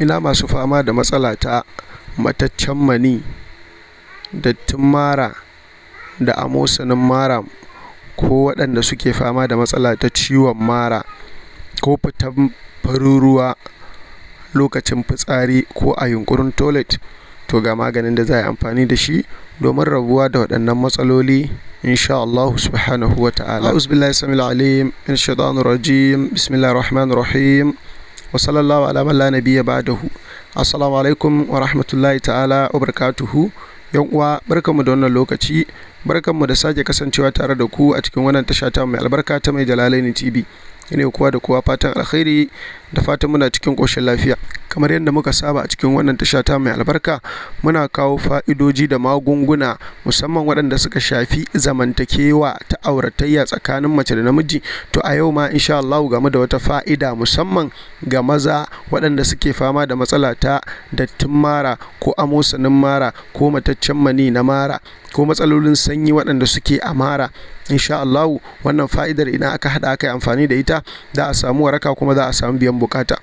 ina masu fama da matsala ta mataccen mani dattin mara da amosanin mara ko waɗanda suke fama da matsala ta ciwon mara ko fitan faruruwa lokacin fitsari ko a yunkurin toilet to ga maganin da za a yi amfani da shi domin rabuwa da waɗannan matsaloli insha Allah subhanahu wa ta'ala. A'udhu billahi samil alim min shaitanir rajim. Bismillahir rahmanir rahim. ala sallallahu ala man la nabiyya hu assalamu alaikum wa rahmatullahi ta'ala wa barakatuhu yan uwa barkanmu da wannan lokaci barkanmu da sake kasancewa tare da ku a cikin wannan tasha ta mai albarka ta mai jalalaini tv ne kowa da kowa fatan alkhairi da fatan muna cikin ƙoshin lafiya kamar yadda muka saba a cikin wannan tasha ta mai albarka muna kawo fa'idoji da magunguna musamman waɗanda suka shafi zamantakewa ta auratayya tsakanin mace da namiji to a yau ma insha Allah game da wata fa'ida musamman ga maza waɗanda suke fama da matsala ta dattin mara ko amosanin mara ko mataccen mani na mara ko matsalolin sanyi waɗanda suke a mara insha Allah wannan fa'idar idan aka haɗa aka yi amfani da ita za a samu waraka kuma za a samu biyan bukata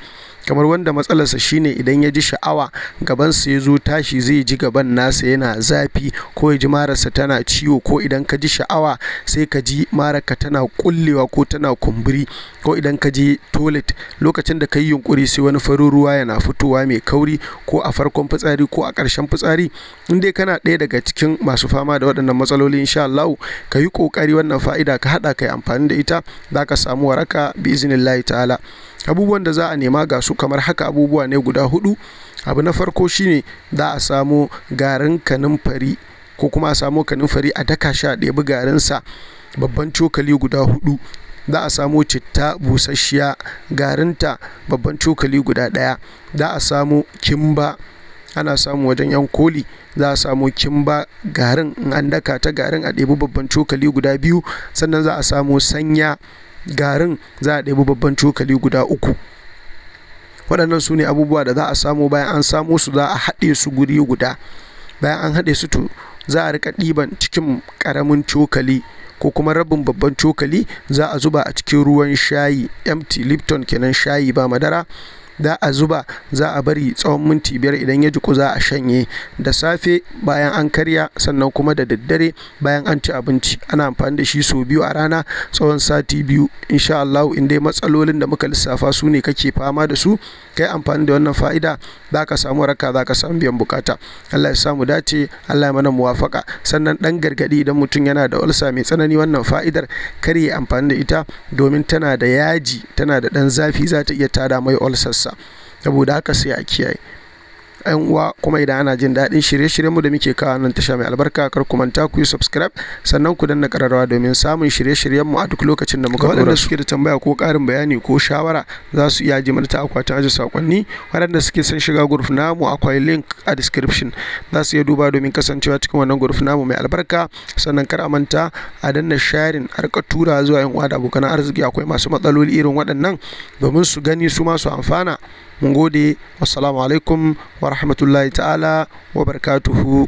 kamar wanda matsalarsa shine idan ya ji sha'awa gabansa ya zo tashi zai ji gaban nasa yana zafi ko ya ji mararsa tana ciwo ko idan ka ji sha'awa sai ka ji mararka tana kullewa ko tana kumburi ko idan ka je toilet lokacin da ka yi yunkuri sai wani farin ruwa yana fitowa mai kauri ko a farkon fitsari ko a ƙarshen fitsari in dai kana ɗaya daga cikin masu fama da waɗannan matsaloli insha Allah ka yi ƙoƙari wannan fa'ida ka haɗa ka kai amfani da ita za ka samu waraka bi iznillahi ta'ala abubuwan da za a nema ga su kamar haka abubuwa ne guda hudu abu na farko shine za a samu garin kanumfari ko kuma a samo kanumfari a daka shi a ɗebi garinsa babban cokali guda hudu za a samu citta busasshiya garinta babban cokali guda ɗaya za a samu kimba ana samu wajen yan koli za a samu kimba garin in an daka ta garin a ɗebi babban cokali guda biyu sannan za a samu sanya garin za a ɗebi babban cokali guda uku waɗannan su ne abubuwa da za a samu bayan an samu su za a haɗe su guri guda bayan an haɗe su to za a rika ɗiban cikin ƙaramin cokali ko kuma rabin babban cokali za a zuba a cikin ruwan shayi empty lipton kenan shayi ba madara za a zuba za a bari tsawon minti biyar idan ya jiku za a shanye da safe bayan an karya sannan kuma da daddare bayan an ci abinci ana amfani da shi sau biyu a rana tsawon sati biyu insha Allah in dai matsalolin da muka lissafa su ne kake fama da su kai amfani da wannan fa'ida za ka samu raka za ka samu biyan bukata Allah ya samu dace Allah ya mana muwafaka sannan dan gargadi idan mutum yana da ulsa mai tsanani wannan fa'idar kar ya amfani da ita domin tana da yaji tana da dan zafi za ta iya tada mai ulcers matarsa saboda haka sai a kiyaye 'yan uwa kuma idan ana jin daɗin shirye-shiryenmu da muke kawo nan tasha mai albarka kar ku manta ku yi subscribe sannan ku danna kararrawa domin samun shirye-shiryenmu a duk lokacin da muka dora waɗanda suke da tambaya ko ƙarin bayani ko shawara za su iya ji ta akwatin aji sakonni waɗanda suke son shiga group namu akwai link a description za su iya duba domin kasancewa cikin wannan group namu mai albarka sannan kar a manta a danna sharing a rika tura zuwa 'yan uwa da abokan arziki akwai masu matsaloli irin waɗannan domin su gani su ma su amfana مغودي والسلام عليكم ورحمة الله تعالى وبركاته